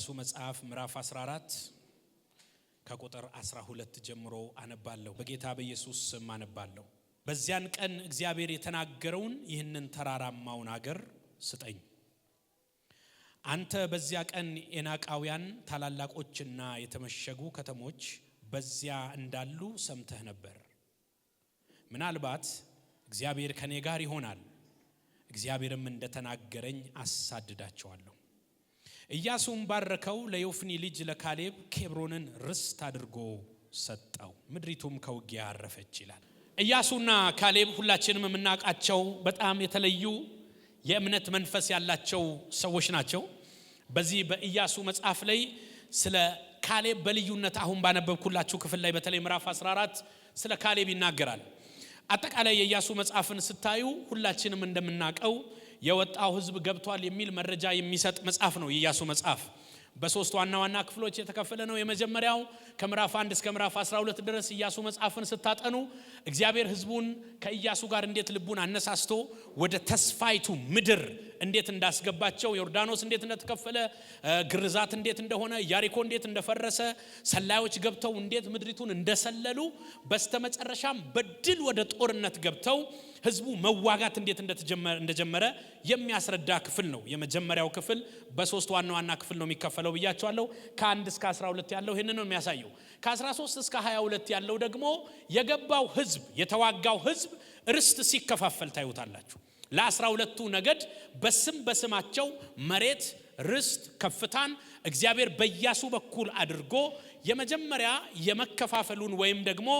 ኢያሱ መጽሐፍ ምዕራፍ 14 ከቁጥር 12 ጀምሮ አነባለሁ። በጌታ በኢየሱስ ስም አነባለሁ። በዚያን ቀን እግዚአብሔር የተናገረውን ይህንን ተራራማውን አገር ስጠኝ። አንተ በዚያ ቀን ኤናቃውያን ታላላቆችና የተመሸጉ ከተሞች በዚያ እንዳሉ ሰምተህ ነበር። ምናልባት እግዚአብሔር ከኔ ጋር ይሆናል፣ እግዚአብሔርም እንደተናገረኝ አሳድዳቸዋለሁ ኢያሱም ባረከው፣ ለዮፍኒ ልጅ ለካሌብ ኬብሮንን ርስት አድርጎ ሰጠው፣ ምድሪቱም ከውጊያ አረፈች ይላል። ኢያሱና ካሌብ ሁላችንም የምናውቃቸው በጣም የተለዩ የእምነት መንፈስ ያላቸው ሰዎች ናቸው። በዚህ በኢያሱ መጽሐፍ ላይ ስለ ካሌብ በልዩነት አሁን ባነበብኩላችሁ ክፍል ላይ በተለይ ምዕራፍ 14 ስለ ካሌብ ይናገራል። አጠቃላይ የኢያሱ መጽሐፍን ስታዩ ሁላችንም እንደምናውቀው የወጣው ህዝብ ገብቷል የሚል መረጃ የሚሰጥ መጽሐፍ ነው የኢያሱ መጽሐፍ። በሶስት ዋና ዋና ክፍሎች የተከፈለ ነው። የመጀመሪያው ከምዕራፍ 1 እስከ ምዕራፍ 12 ድረስ ኢያሱ መጽሐፍን ስታጠኑ እግዚአብሔር ህዝቡን ከኢያሱ ጋር እንዴት ልቡን አነሳስቶ ወደ ተስፋይቱ ምድር እንዴት እንዳስገባቸው፣ ዮርዳኖስ እንዴት እንደተከፈለ፣ ግርዛት እንዴት እንደሆነ፣ ያሪኮ እንዴት እንደፈረሰ፣ ሰላዮች ገብተው እንዴት ምድሪቱን እንደሰለሉ፣ በስተመጨረሻም በድል ወደ ጦርነት ገብተው ህዝቡ መዋጋት እንዴት እንደጀመረ የሚያስረዳ ክፍል ነው። የመጀመሪያው ክፍል በሶስት ዋና ዋና ክፍል ነው የሚከፈለው። የተከፈለው ብያቸዋለሁ። ከአንድ እስከ 12 ያለው ይህንን ነው የሚያሳየው። ከ13 እስከ 22 ያለው ደግሞ የገባው ህዝብ የተዋጋው ህዝብ ርስት ሲከፋፈል ታዩታላችሁ። ለ ለአስራ ሁለቱ ነገድ በስም በስማቸው መሬት ርስት ከፍታን እግዚአብሔር በያሱ በኩል አድርጎ የመጀመሪያ የመከፋፈሉን ወይም ደግሞ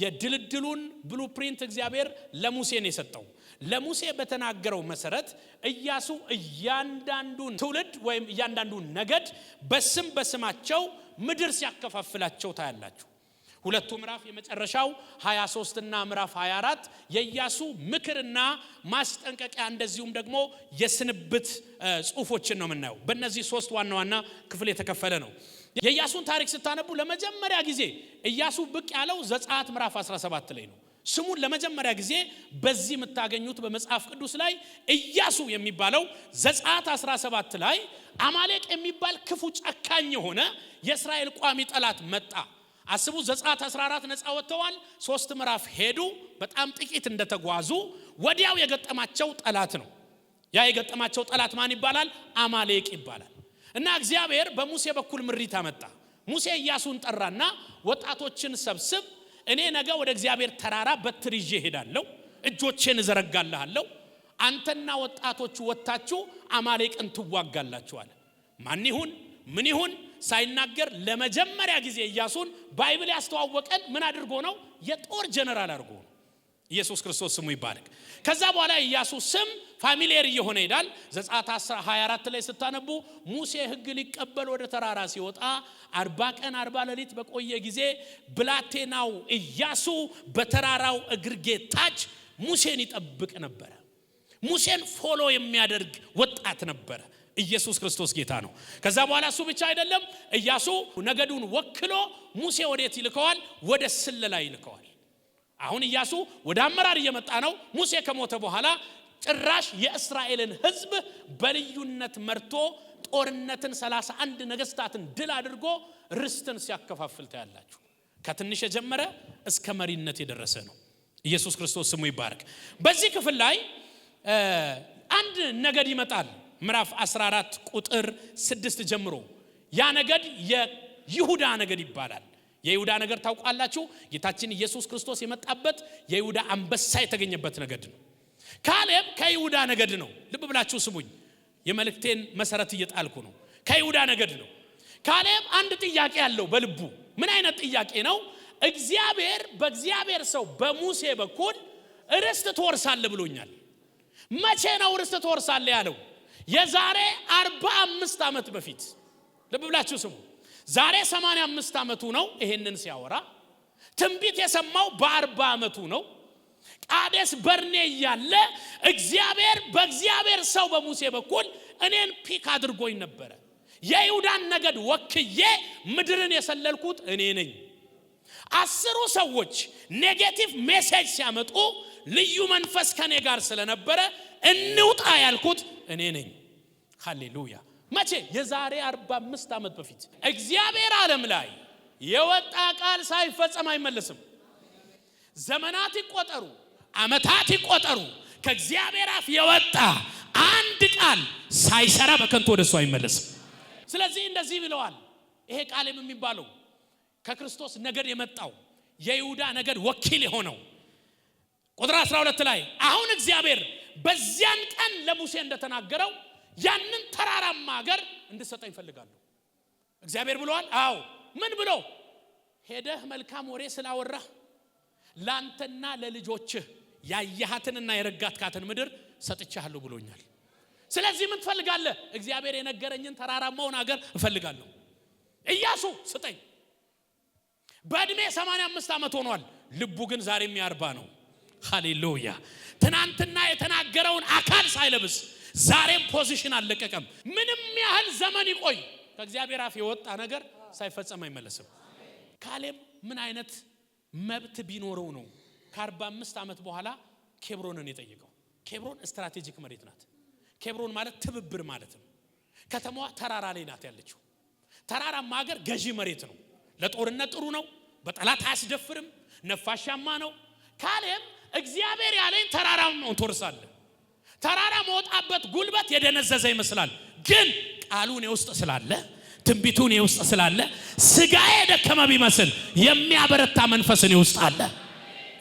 የድልድሉን ብሉፕሪንት እግዚአብሔር ለሙሴን የሰጠው ለሙሴ በተናገረው መሰረት ኢያሱ እያንዳንዱን ትውልድ ወይም እያንዳንዱን ነገድ በስም በስማቸው ምድር ሲያከፋፍላቸው ታያላችሁ። ሁለቱ ምዕራፍ የመጨረሻው 23 እና ምዕራፍ 24 የኢያሱ ምክርና ማስጠንቀቂያ እንደዚሁም ደግሞ የስንብት ጽሁፎችን ነው የምናየው። በእነዚህ ሶስት ዋና ዋና ክፍል የተከፈለ ነው። የኢያሱን ታሪክ ስታነቡ ለመጀመሪያ ጊዜ እያሱ ብቅ ያለው ዘጻት ምዕራፍ 17 ላይ ነው። ስሙን ለመጀመሪያ ጊዜ በዚህ የምታገኙት በመጽሐፍ ቅዱስ ላይ እያሱ የሚባለው ዘጻት 17 ላይ አማሌቅ የሚባል ክፉ ጨካኝ የሆነ የእስራኤል ቋሚ ጠላት መጣ አስቡ ዘጸአት 14 ነፃ ወጥተዋል። ሶስት ምዕራፍ ሄዱ። በጣም ጥቂት እንደተጓዙ ወዲያው የገጠማቸው ጠላት ነው። ያ የገጠማቸው ጠላት ማን ይባላል? አማሌቅ ይባላል። እና እግዚአብሔር በሙሴ በኩል ምሪት አመጣ። ሙሴ ኢያሱን ጠራና ወጣቶችን ሰብስብ፣ እኔ ነገ ወደ እግዚአብሔር ተራራ በትር ይዤ እሄዳለሁ፣ እጆቼን እዘረጋልሃለሁ፣ አንተና ወጣቶቹ ወጥታችሁ አማሌቅን ትዋጋላችኋል። ማን ይሁን ምን ይሁን ሳይናገር ለመጀመሪያ ጊዜ ኢያሱን ባይብል ያስተዋወቀን ምን አድርጎ ነው? የጦር ጀነራል አድርጎ ነው። ኢየሱስ ክርስቶስ ስሙ ይባረክ። ከዛ በኋላ ኢያሱ ስም ፋሚሊየር እየሆነ ይሄዳል። ዘጸአት 24 ላይ ስታነቡ ሙሴ ሕግ ሊቀበል ወደ ተራራ ሲወጣ አርባ ቀን አርባ ሌሊት በቆየ ጊዜ ብላቴናው ኢያሱ በተራራው እግርጌ ታች ሙሴን ይጠብቅ ነበረ። ሙሴን ፎሎ የሚያደርግ ወጣት ነበረ። ኢየሱስ ክርስቶስ ጌታ ነው። ከዛ በኋላ እሱ ብቻ አይደለም። እያሱ ነገዱን ወክሎ ሙሴ ወዴት ይልከዋል? ወደ ስለላ ይልከዋል። አሁን እያሱ ወደ አመራር እየመጣ ነው። ሙሴ ከሞተ በኋላ ጭራሽ የእስራኤልን ሕዝብ በልዩነት መርቶ ጦርነትን ሰላሳ አንድ ነገስታትን ድል አድርጎ ርስትን ሲያከፋፍል ታያላችሁ። ከትንሽ የጀመረ እስከ መሪነት የደረሰ ነው። ኢየሱስ ክርስቶስ ስሙ ይባረክ። በዚህ ክፍል ላይ አንድ ነገድ ይመጣል ምዕራፍ 14 ቁጥር 6 ጀምሮ ያ ነገድ የይሁዳ ነገድ ይባላል። የይሁዳ ነገር ታውቋላችሁ። ጌታችን ኢየሱስ ክርስቶስ የመጣበት የይሁዳ አንበሳ የተገኘበት ነገድ ነው። ካሌብ ከይሁዳ ነገድ ነው። ልብ ብላችሁ ስሙኝ። የመልእክቴን መሰረት እየጣልኩ ነው። ከይሁዳ ነገድ ነው። ካሌብ አንድ ጥያቄ አለው በልቡ። ምን አይነት ጥያቄ ነው? እግዚአብሔር በእግዚአብሔር ሰው በሙሴ በኩል ርስት ትወርሳለህ ብሎኛል። መቼ ነው ርስት ትወርሳለህ ያለው? የዛሬ አርባ አምስት ዓመት በፊት ልብ ብላችሁ ስሙ። ዛሬ 85 አመቱ ዓመቱ ነው ይሄንን ሲያወራ። ትንቢት የሰማው በአርባ ዓመቱ ነው። ቃዴስ በርኔ እያለ እግዚአብሔር በእግዚአብሔር ሰው በሙሴ በኩል እኔን ፒክ አድርጎኝ ነበረ። የይሁዳን ነገድ ወክዬ ምድርን የሰለልኩት እኔ ነኝ። አስሩ ሰዎች ኔጌቲቭ ሜሴጅ ሲያመጡ ልዩ መንፈስ ከኔ ጋር ስለነበረ እንውጣ ያልኩት እኔ ነኝ። ሃሌሉያ። መቼ? የዛሬ 45 ዓመት በፊት እግዚአብሔር ዓለም ላይ የወጣ ቃል ሳይፈጸም አይመለስም። ዘመናት ይቆጠሩ፣ አመታት ይቆጠሩ፣ ከእግዚአብሔር አፍ የወጣ አንድ ቃል ሳይሰራ በከንቱ ወደ እሱ አይመለስም። ስለዚህ እንደዚህ ብለዋል። ይሄ ቃል የሚባለው ከክርስቶስ ነገድ የመጣው የይሁዳ ነገድ ወኪል የሆነው ቁጥር 12 ላይ አሁን እግዚአብሔር በዚያን ቀን ለሙሴ እንደተናገረው ያንን ተራራማ ሀገር እንድሰጠኝ እፈልጋለሁ። እግዚአብሔር ብለዋል። አዎ ምን ብሎ ሄደህ መልካም ወሬ ስላወራህ ላንተና ለልጆችህ ያያሃትንና የረጋትካትን ምድር ሰጥቻለሁ ብሎኛል። ስለዚህ ምን ትፈልጋለህ? እግዚአብሔር የነገረኝን ተራራማውን ሀገር እፈልጋለሁ። ኢያሱ ስጠኝ። በዕድሜ 85 ዓመት ሆኗል። ልቡ ግን ዛሬ ያርባ ነው። ሃሌሉያ። ትናንትና የተናገረውን አካል ሳይለብስ ዛሬም ፖዚሽን አልለቀቀም። ምንም ያህል ዘመን ይቆይ ከእግዚአብሔር አፍ የወጣ ነገር ሳይፈጸም አይመለስም። ካሌብ ምን አይነት መብት ቢኖረው ነው ከአርባ አምስት ዓመት በኋላ ኬብሮንን የጠየቀው? ኬብሮን ስትራቴጂክ መሬት ናት። ኬብሮን ማለት ትብብር ማለት ነው። ከተማዋ ተራራ ላይ ናት ያለችው። ተራራማ ሀገር ገዢ መሬት ነው። ለጦርነት ጥሩ ነው። በጠላት አያስደፍርም። ነፋሻማ ነው። ካሌብ እግዚአብሔር ያለኝ ተራራም ነው ትወርሳለህ። ተራራ መውጣበት ጉልበት የደነዘዘ ይመስላል፣ ግን ቃሉ እኔ ውስጥ ስላለ ትንቢቱ እኔ ውስጥ ስላለ ስጋዬ ደከመ ቢመስል የሚያበረታ መንፈስ እኔ ውስጥ አለ።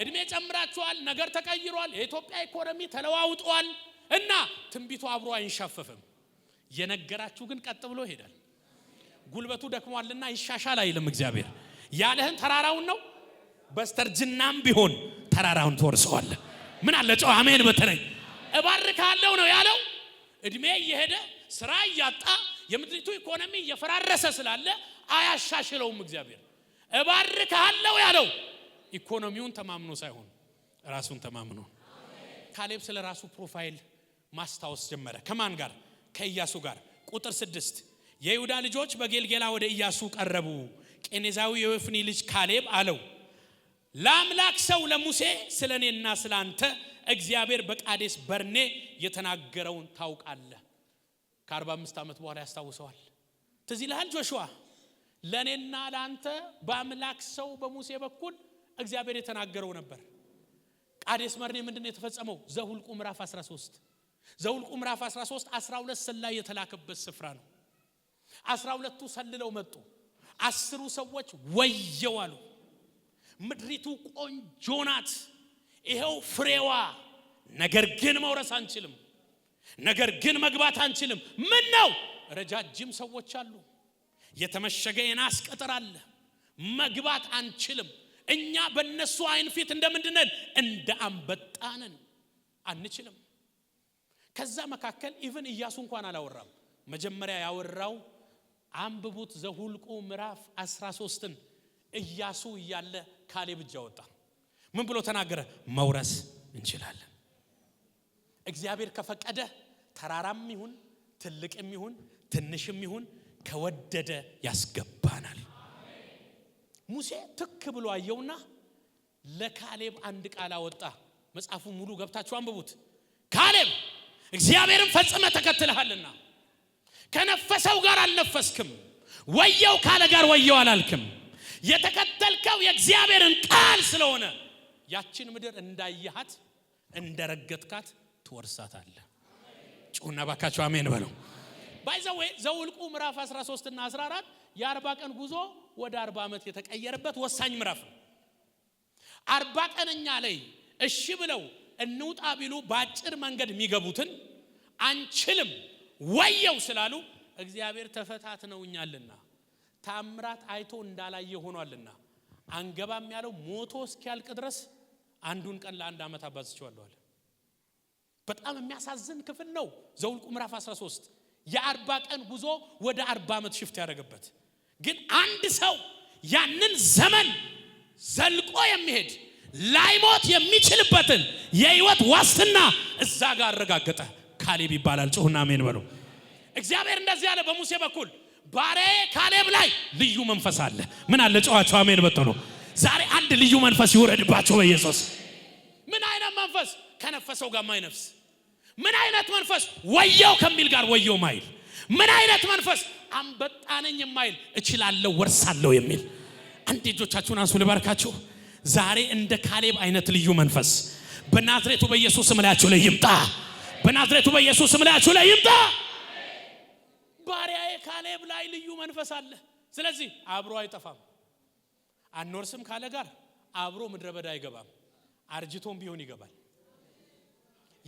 እድሜ ጨምራችኋል፣ ነገር ተቀይሯል፣ የኢትዮጵያ ኢኮኖሚ ተለዋውጧል እና ትንቢቱ አብሮ አይንሻፈፍም። የነገራችሁ ግን ቀጥ ብሎ ይሄዳል። ጉልበቱ ደክሟልና ይሻሻል አይልም። እግዚአብሔር ያለህን ተራራውን ነው በስተርጅናም ቢሆን ተራራውን ትወርሰዋለህ። ምን አለ ጨው አሜን በተለይ እባርካለሁ ነው ያለው። እድሜ እየሄደ ስራ እያጣ የምድሪቱ ኢኮኖሚ እየፈራረሰ ስላለ አያሻሽለውም። እግዚአብሔር እባርካለሁ ያለው ኢኮኖሚውን ተማምኖ ሳይሆን ራሱን ተማምኖ። ካሌብ ስለ ራሱ ፕሮፋይል ማስታወስ ጀመረ። ከማን ጋር? ከኢያሱ ጋር። ቁጥር ስድስት የይሁዳ ልጆች በጌልጌላ ወደ ኢያሱ ቀረቡ። ቄኔዛዊ የወፍኒ ልጅ ካሌብ አለው ለአምላክ ሰው ለሙሴ ስለ እኔና ስለ አንተ እግዚአብሔር በቃዴስ በርኔ የተናገረውን ታውቃለህ። ከ45 ዓመት በኋላ ያስታውሰዋል። ትዚህ ይልሃል ጆሹዋ፣ ለእኔና ለአንተ በአምላክ ሰው በሙሴ በኩል እግዚአብሔር የተናገረው ነበር። ቃዴስ በርኔ ምንድን የተፈጸመው? ዘሁልቁ ምራፍ 13 ዘሁልቁ ምራፍ 13 12 ሰላይ የተላከበት ስፍራ ነው። አስራ ሁለቱ ሰልለው መጡ። አስሩ ሰዎች ወየው አሉ። ምድሪቱ ቆንጆ ናት፣ ይኸው ፍሬዋ። ነገር ግን መውረስ አንችልም፣ ነገር ግን መግባት አንችልም። ምን ነው ረጃጅም ሰዎች አሉ፣ የተመሸገ የናስ ቀጠር አለ፣ መግባት አንችልም። እኛ በእነሱ አይን ፊት እንደምንድነን? እንደ አንበጣነን አንችልም። ከዛ መካከል ኢቭን እያሱ እንኳን አላወራም። መጀመሪያ ያወራው አንብቡት ዘሁልቁ ምዕራፍ 13ን እያሱ እያለ ካሌብ እጅ አወጣ። ምን ብሎ ተናገረ? መውረስ እንችላለን። እግዚአብሔር ከፈቀደ ተራራም ይሁን ትልቅም ይሁን ትንሽም ይሁን ከወደደ ያስገባናል። ሙሴ ትክ ብሎ አየውና ለካሌብ አንድ ቃል አወጣ። መጽሐፉ ሙሉ ገብታችሁ አንብቡት። ካሌብ እግዚአብሔርን ፈጽመ ተከትልሃልና ከነፈሰው ጋር አልነፈስክም፣ ወየው ካለ ጋር ወየው አላልክም። የተከተልከው የእግዚአብሔርን ቃል ስለሆነ ያችን ምድር እንዳየሃት እንደረገጥካት ትወርሳታለህ። ጩና ባካቸው አሜን በለው። ባይዘዌ ዘውልቁ ምዕራፍ 13 እና 14 የአርባ ቀን ጉዞ ወደ አርባ ዓመት የተቀየረበት ወሳኝ ምዕራፍ ነው። አርባ ቀነኛ ላይ እሺ ብለው እንውጣ ቢሉ በአጭር መንገድ የሚገቡትን አንችልም ወየው ስላሉ እግዚአብሔር ተፈታትነውኛልና ታምራት አይቶ እንዳላየ ሆኗልና አንገባም ያለው ሞቶ እስኪያልቅ ድረስ አንዱን ቀን ለአንድ ዓመት አባዝቸዋለዋል በጣም የሚያሳዝን ክፍል ነው። ዘውልቁ ምዕራፍ 13 የአርባ ቀን ጉዞ ወደ አርባ ዓመት ሽፍት ያደረገበት ግን አንድ ሰው ያንን ዘመን ዘልቆ የሚሄድ ላይሞት የሚችልበትን የህይወት ዋስትና እዛ ጋር አረጋገጠ። ካሌብ ይባላል። ጽሁና ሜን በሉ። እግዚአብሔር እንደዚህ ያለ በሙሴ በኩል ባሪያዬ ካሌብ ላይ ልዩ መንፈስ አለ። ምን አለ? ጨዋቸው አሜን በትኖ ዛሬ አንድ ልዩ መንፈስ ይውረድባቸው በኢየሱስ። ምን አይነት መንፈስ? ከነፈሰው ጋር ማይነፍስ። ምን አይነት መንፈስ? ወየው ከሚል ጋር ወየው ማይል። ምን አይነት መንፈስ? አንበጣ ነኝ የማይል እችላለሁ፣ ወርሳለሁ የሚል አንድ እጆቻችሁን አንሱ ልባርካችሁ። ዛሬ እንደ ካሌብ አይነት ልዩ መንፈስ በናዝሬቱ በኢየሱስ ስም ላያችሁ ላይ ይምጣ። በናዝሬቱ በኢየሱስ ስም ላያችሁ ላይ ይምጣ። ባሪያዬ ካሌብ ላይ ልዩ መንፈስ አለ። ስለዚህ አብሮ አይጠፋም፣ አኖርስም ካለ ጋር አብሮ ምድረ በዳ አይገባም። አርጅቶም ቢሆን ይገባል።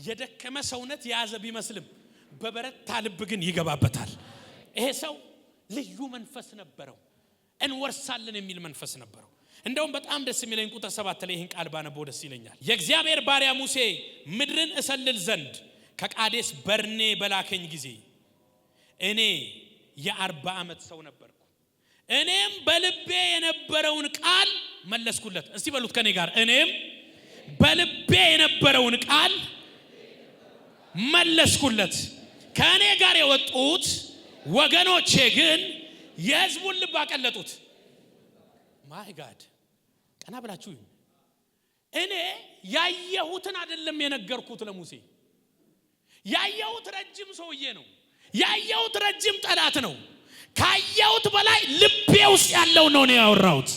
የደከመ ሰውነት የያዘ ቢመስልም በበረታ ልብ ግን ይገባበታል። ይሄ ሰው ልዩ መንፈስ ነበረው፣ እንወርሳለን የሚል መንፈስ ነበረው። እንደውም በጣም ደስ የሚለኝ ቁጥር ሰባት ላይ ይህን ቃል ባነበው ደስ ይለኛል። የእግዚአብሔር ባሪያ ሙሴ ምድርን እሰልል ዘንድ ከቃዴስ በርኔ በላከኝ ጊዜ እኔ የአርባ ዓመት ሰው ነበርኩ። እኔም በልቤ የነበረውን ቃል መለስኩለት። እስቲ በሉት ከኔ ጋር እኔም በልቤ የነበረውን ቃል መለስኩለት። ከእኔ ጋር የወጡት ወገኖቼ ግን የህዝቡን ልብ አቀለጡት። ማይ ጋድ ቀና ብላችሁ እኔ ያየሁትን አይደለም የነገርኩት ለሙሴ ያየሁት ረጅም ሰውዬ ነው ያየሁት ረጅም ጠላት ነው። ካየሁት በላይ ልቤ ውስጥ ያለው ነው ነው ያወራሁት።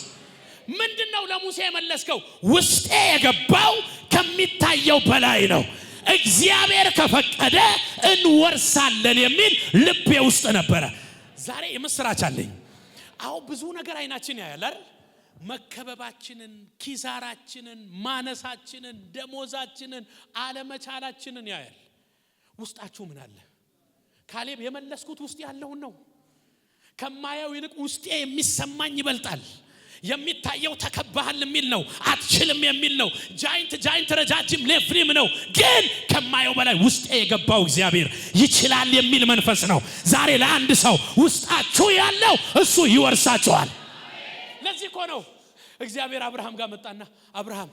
ምንድን ነው ለሙሴ የመለስከው? ውስጤ የገባው ከሚታየው በላይ ነው። እግዚአብሔር ከፈቀደ እንወርሳለን የሚል ልቤ ውስጥ ነበረ። ዛሬ የምስራች አለኝ። አሁን ብዙ ነገር አይናችን ያያል አይደል? መከበባችንን፣ ኪሳራችንን፣ ማነሳችንን፣ ደሞዛችንን፣ አለመቻላችንን ያያል። ውስጣችሁ ምን አለ? ካሌብ የመለስኩት ውስጥ ያለውን ነው። ከማየው ይልቅ ውስጤ የሚሰማኝ ይበልጣል። የሚታየው ተከባሃል የሚል ነው። አትችልም የሚል ነው። ጃይንት ጃይንት ረጃጅም ሌፍሪም ነው። ግን ከማየው በላይ ውስጤ የገባው እግዚአብሔር ይችላል የሚል መንፈስ ነው። ዛሬ ለአንድ ሰው ውስጣችሁ ያለው እሱ ይወርሳችኋል። ለዚህ እኮ ነው እግዚአብሔር አብርሃም ጋር መጣና አብርሃም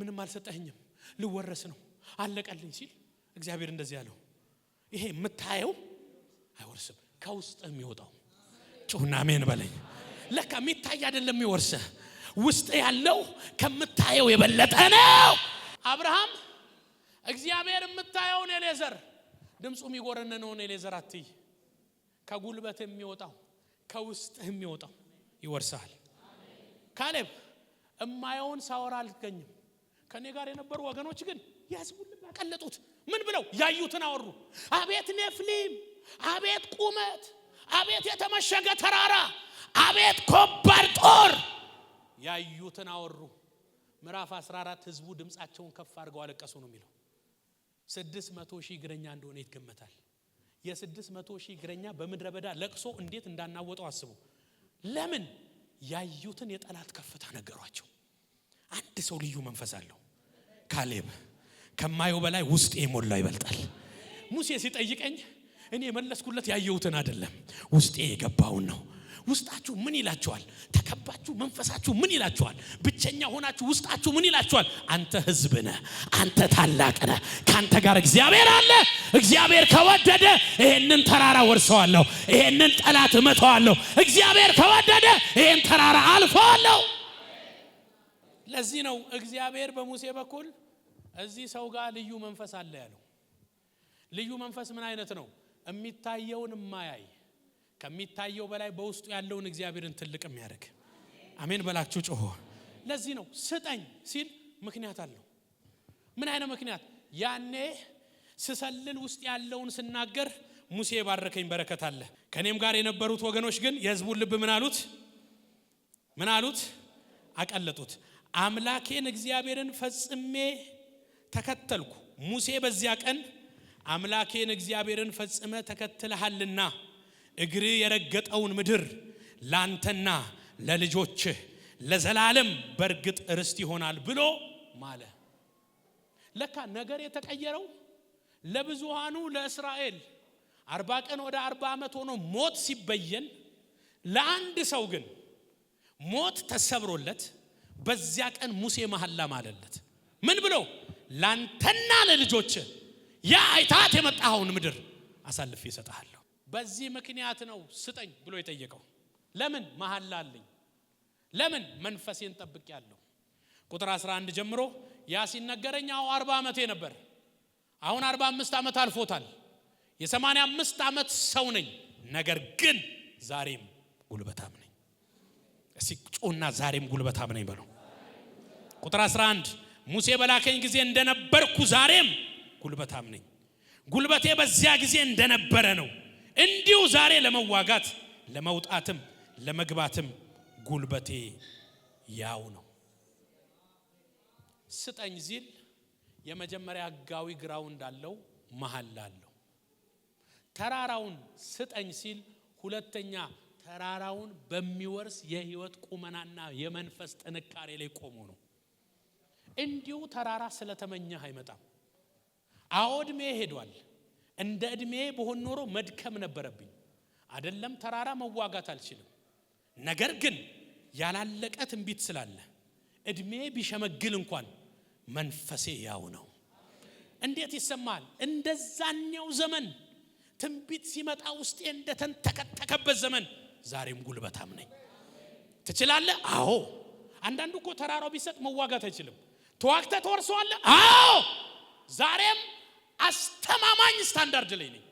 ምንም አልሰጠህኝም ልወረስ ነው አለቀልኝ ሲል እግዚአብሔር እንደዚህ ያለው ይሄ የምታየው አይወርስም፣ ከውስጥ የሚወጣው ጩና ሜን በለኝ። ለካ የሚታይ አይደለም የሚወርስ ውስጥ ያለው ከምታየው የበለጠ ነው። አብርሃም እግዚአብሔር የምታየውን ኤሌዘር ድምፁ የሚጎረንነውን ኤሌዘር አትይ። ከጉልበት የሚወጣው ከውስጥ የሚወጣው ይወርሳል። ካሌብ እማየውን ሳወራ አልገኝም። ከእኔ ጋር የነበሩ ወገኖች ግን የህዝቡን ያቀለጡት ምን ብለው ያዩትን አወሩ። አቤት ኔፍሊም፣ አቤት ቁመት፣ አቤት የተመሸገ ተራራ፣ አቤት ከባድ ጦር። ያዩትን አወሩ። ምዕራፍ 14 ህዝቡ ድምፃቸውን ከፍ አድርገው አለቀሱ ነው የሚለው። ስድስት መቶ ሺህ እግረኛ እንደሆነ ይገመታል። የስድስት መቶ ሺህ እግረኛ በምድረ በዳ ለቅሶ እንዴት እንዳናወጠው አስቡ። ለምን ያዩትን የጠላት ከፍታ ነገሯቸው። አንድ ሰው ልዩ መንፈስ አለው ካሌብ ከማየው በላይ ውስጥ የሞላው ይበልጣል። ሙሴ ሲጠይቀኝ እኔ የመለስኩለት ያየሁትን አይደለም ውስጤ የገባውን ነው። ውስጣችሁ ምን ይላችኋል? ተከባችሁ መንፈሳችሁ ምን ይላችኋል? ብቸኛ ሆናችሁ ውስጣችሁ ምን ይላችኋል? አንተ ህዝብ ነህ፣ አንተ ታላቅ ነህ፣ ከአንተ ጋር እግዚአብሔር አለ። እግዚአብሔር ከወደደ ይሄንን ተራራ ወርሰዋለሁ፣ ይሄንን ጠላት እመተዋለሁ። እግዚአብሔር ከወደደ ይሄን ተራራ አልፈዋለሁ። ለዚህ ነው እግዚአብሔር በሙሴ በኩል እዚህ ሰው ጋር ልዩ መንፈስ አለ ያለው። ልዩ መንፈስ ምን አይነት ነው? የሚታየውን ማያይ ከሚታየው በላይ በውስጡ ያለውን እግዚአብሔርን ትልቅ የሚያደርግ አሜን በላችሁ ጮሆ። ለዚህ ነው ስጠኝ ሲል ምክንያት አለው። ምን አይነት ምክንያት? ያኔ ስሰልል ውስጥ ያለውን ስናገር ሙሴ የባረከኝ በረከት አለ። ከእኔም ጋር የነበሩት ወገኖች ግን የህዝቡን ልብ ምን አሉት? ምን አሉት? አቀለጡት። አምላኬን እግዚአብሔርን ፈጽሜ ተከተልኩ። ሙሴ በዚያ ቀን አምላኬን እግዚአብሔርን ፈጽመ ተከትለሃልና እግር የረገጠውን ምድር ላንተና ለልጆችህ ለዘላለም በእርግጥ ርስት ይሆናል ብሎ ማለ። ለካ ነገር የተቀየረው ለብዙሃኑ ለእስራኤል አርባ ቀን ወደ አርባ ዓመት ሆኖ ሞት ሲበየን ለአንድ ሰው ግን ሞት ተሰብሮለት በዚያ ቀን ሙሴ መሐላ ማለለት ምን ብሎ ላንተና ለልጆች ያ አይታት የመጣኸውን ምድር አሳልፌ እሰጥሃለሁ። በዚህ ምክንያት ነው ስጠኝ ብሎ የጠየቀው። ለምን መሐላ አለኝ፣ ለምን መንፈሴን ጠብቄያለሁ። ቁጥር 11 ጀምሮ ያ ሲነገረኝ አሁ 40 ዓመቴ ነበር። አሁን 45 ዓመት አልፎታል። የ85 ዓመት ሰው ነኝ። ነገር ግን ዛሬም ጉልበታም ነኝ። እስቲ ጩና ዛሬም ጉልበታም ነኝ በለው። ቁጥር 11 ሙሴ በላከኝ ጊዜ እንደነበርኩ ዛሬም ጉልበታም ነኝ። ጉልበቴ በዚያ ጊዜ እንደነበረ ነው። እንዲሁ ዛሬ ለመዋጋት ለመውጣትም ለመግባትም ጉልበቴ ያው ነው። ስጠኝ ዚል የመጀመሪያ ህጋዊ ግራውንድ አለው፣ መሀል አለው። ተራራውን ስጠኝ ሲል ሁለተኛ ተራራውን በሚወርስ የህይወት ቁመናና የመንፈስ ጥንካሬ ላይ ቆሞ ነው። እንዲሁ ተራራ ስለተመኘህ አይመጣም። አዎ እድሜ ሄዷል። እንደ እድሜ በሆን ኖሮ መድከም ነበረብኝ። አደለም ተራራ መዋጋት አልችልም። ነገር ግን ያላለቀ ትንቢት ስላለ እድሜ ቢሸመግል እንኳን መንፈሴ ያው ነው። እንዴት ይሰማል? እንደዛኛው ዘመን ትንቢት ሲመጣ ውስጤ እንደተንተከተከበት ዘመን ዛሬም ጉልበታም ነኝ። ትችላለህ? አዎ። አንዳንዱ እኮ ተራራው ቢሰጥ መዋጋት አይችልም። ተዋግተ ተወርሰዋለ። አዎ ዛሬም አስተማማኝ ስታንዳርድ ላይ ነኝ።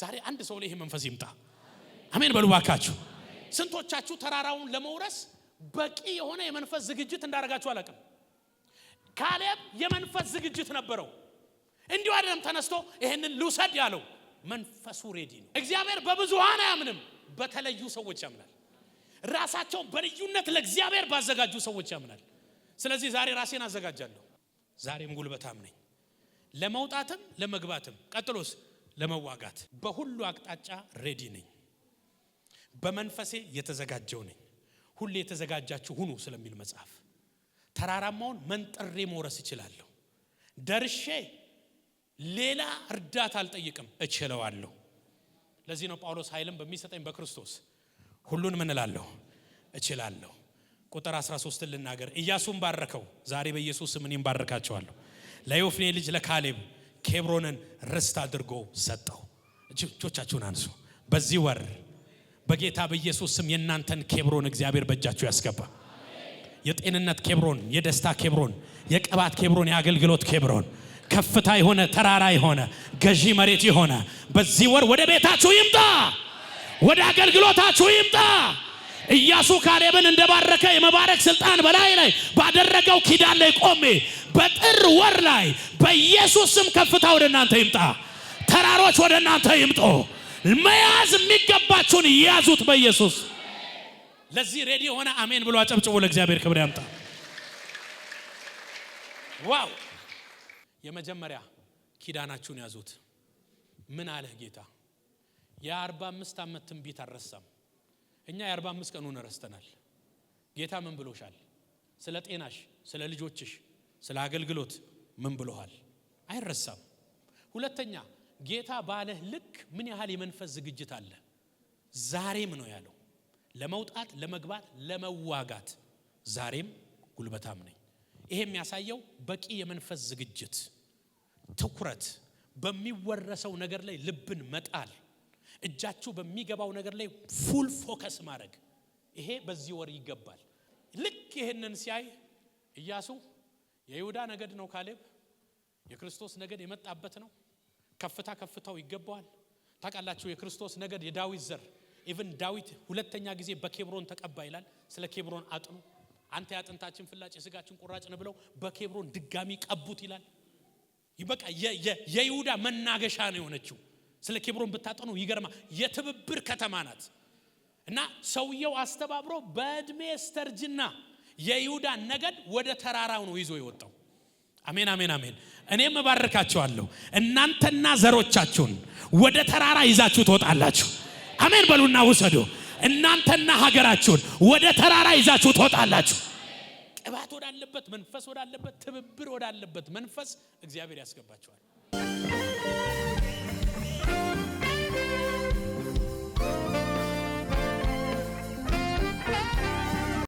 ዛሬ አንድ ሰው ላይ ይሄ መንፈስ ይምጣ። አሜን በሉ ባካችሁ። ስንቶቻችሁ ተራራውን ለመውረስ በቂ የሆነ የመንፈስ ዝግጅት እንዳደረጋችሁ አላውቅም። ካሌብ የመንፈስ ዝግጅት ነበረው። እንዲሁ አይደለም ተነስቶ ይሄንን ልውሰድ ያለው መንፈሱ ሬዲ ነው። እግዚአብሔር በብዙሃን አያምንም፣ በተለዩ ሰዎች ያምናል። ራሳቸው በልዩነት ለእግዚአብሔር ባዘጋጁ ሰዎች ያምናል። ስለዚህ ዛሬ ራሴን አዘጋጃለሁ። ዛሬም ጉልበታም ነኝ ለመውጣትም ለመግባትም፣ ቀጥሎስ ለመዋጋት በሁሉ አቅጣጫ ሬዲ ነኝ። በመንፈሴ የተዘጋጀው ነኝ። ሁሌ የተዘጋጃችሁ ሁኑ ስለሚል መጽሐፍ ተራራማውን መንጥሬ መውረስ እችላለሁ። ደርሼ ሌላ እርዳታ አልጠይቅም፣ እችለዋለሁ። ለዚህ ነው ጳውሎስ ኃይልም በሚሰጠኝ በክርስቶስ ሁሉን ምን እላለሁ እችላለሁ። ቁጥር 13 ልናገር። ኢያሱም ባረከው። ዛሬ በኢየሱስ ስም እኔም ባረካቸዋለሁ ለዮፍኔ ልጅ ለካሌብ ኬብሮንን ርስት አድርጎ ሰጠው። እጆቻችሁን አንሱ። በዚህ ወር በጌታ በኢየሱስ ስም የእናንተን ኬብሮን እግዚአብሔር በእጃችሁ ያስገባ። የጤንነት ኬብሮን፣ የደስታ ኬብሮን፣ የቅባት ኬብሮን፣ የአገልግሎት ኬብሮን፣ ከፍታ የሆነ ተራራ የሆነ ገዢ መሬት የሆነ በዚህ ወር ወደ ቤታችሁ ይምጣ፣ ወደ አገልግሎታችሁ ይምጣ። ኢያሱ ካሌብን እንደባረከ የመባረክ ስልጣን በላይ ላይ ባደረገው ኪዳን ላይ ቆሜ በጥር ወር ላይ በኢየሱስ ስም ከፍታ ወደ እናንተ ይምጣ። ተራሮች ወደ እናንተ ይምጦ። መያዝ የሚገባችሁን ያዙት በኢየሱስ ለዚህ ሬዲ የሆነ አሜን ብሎ አጨብጭቦ ለእግዚአብሔር ክብር ያምጣ። ዋው! የመጀመሪያ ኪዳናችሁን ያዙት። ምን አለህ ጌታ? የአርባ አምስት ዓመት ትንቢት አልረሳም። እኛ የ45 ቀኑን ረስተናል። ጌታ ምን ብሎሻል? ስለ ጤናሽ፣ ስለ ልጆችሽ፣ ስለ አገልግሎት ምን ብሎሃል? አይረሳም። ሁለተኛ ጌታ ባለህ ልክ ምን ያህል የመንፈስ ዝግጅት አለ? ዛሬም ነው ያለው ለመውጣት ለመግባት፣ ለመዋጋት ዛሬም ጉልበታም ነኝ። ይሄ የሚያሳየው በቂ የመንፈስ ዝግጅት፣ ትኩረት፣ በሚወረሰው ነገር ላይ ልብን መጣል እጃችሁ በሚገባው ነገር ላይ ፉል ፎከስ ማድረግ ይሄ በዚህ ወር ይገባል። ልክ ይህንን ሲያይ እያሱ የይሁዳ ነገድ ነው፣ ካሌብ የክርስቶስ ነገድ የመጣበት ነው። ከፍታ ከፍታው ይገባዋል። ታውቃላችሁ፣ የክርስቶስ ነገድ የዳዊት ዘር ኢቨን ዳዊት ሁለተኛ ጊዜ በኬብሮን ተቀባ ይላል። ስለ ኬብሮን አጥኑ። አንተ ያጥንታችን ፍላጭ የስጋችን ቁራጭ ነው ብለው በኬብሮን ድጋሚ ቀቡት ይላል። በቃ የይሁዳ መናገሻ ነው የሆነችው ስለ ኬብሮን ብታጠኑ ይገርማ የትብብር ከተማ ናት። እና ሰውየው አስተባብሮ በእድሜ ስተርጅና የይሁዳ ነገድ ወደ ተራራው ነው ይዞ የወጣው። አሜን አሜን አሜን። እኔም እባርካችኋለሁ እናንተና ዘሮቻችሁን ወደ ተራራ ይዛችሁ ትወጣላችሁ። አሜን በሉና ውሰዱ። እናንተና ሀገራችሁን ወደ ተራራ ይዛችሁ ትወጣላችሁ። ቅባት ወዳለበት መንፈስ ወዳለበት ትብብር ወዳለበት መንፈስ እግዚአብሔር ያስገባችኋል።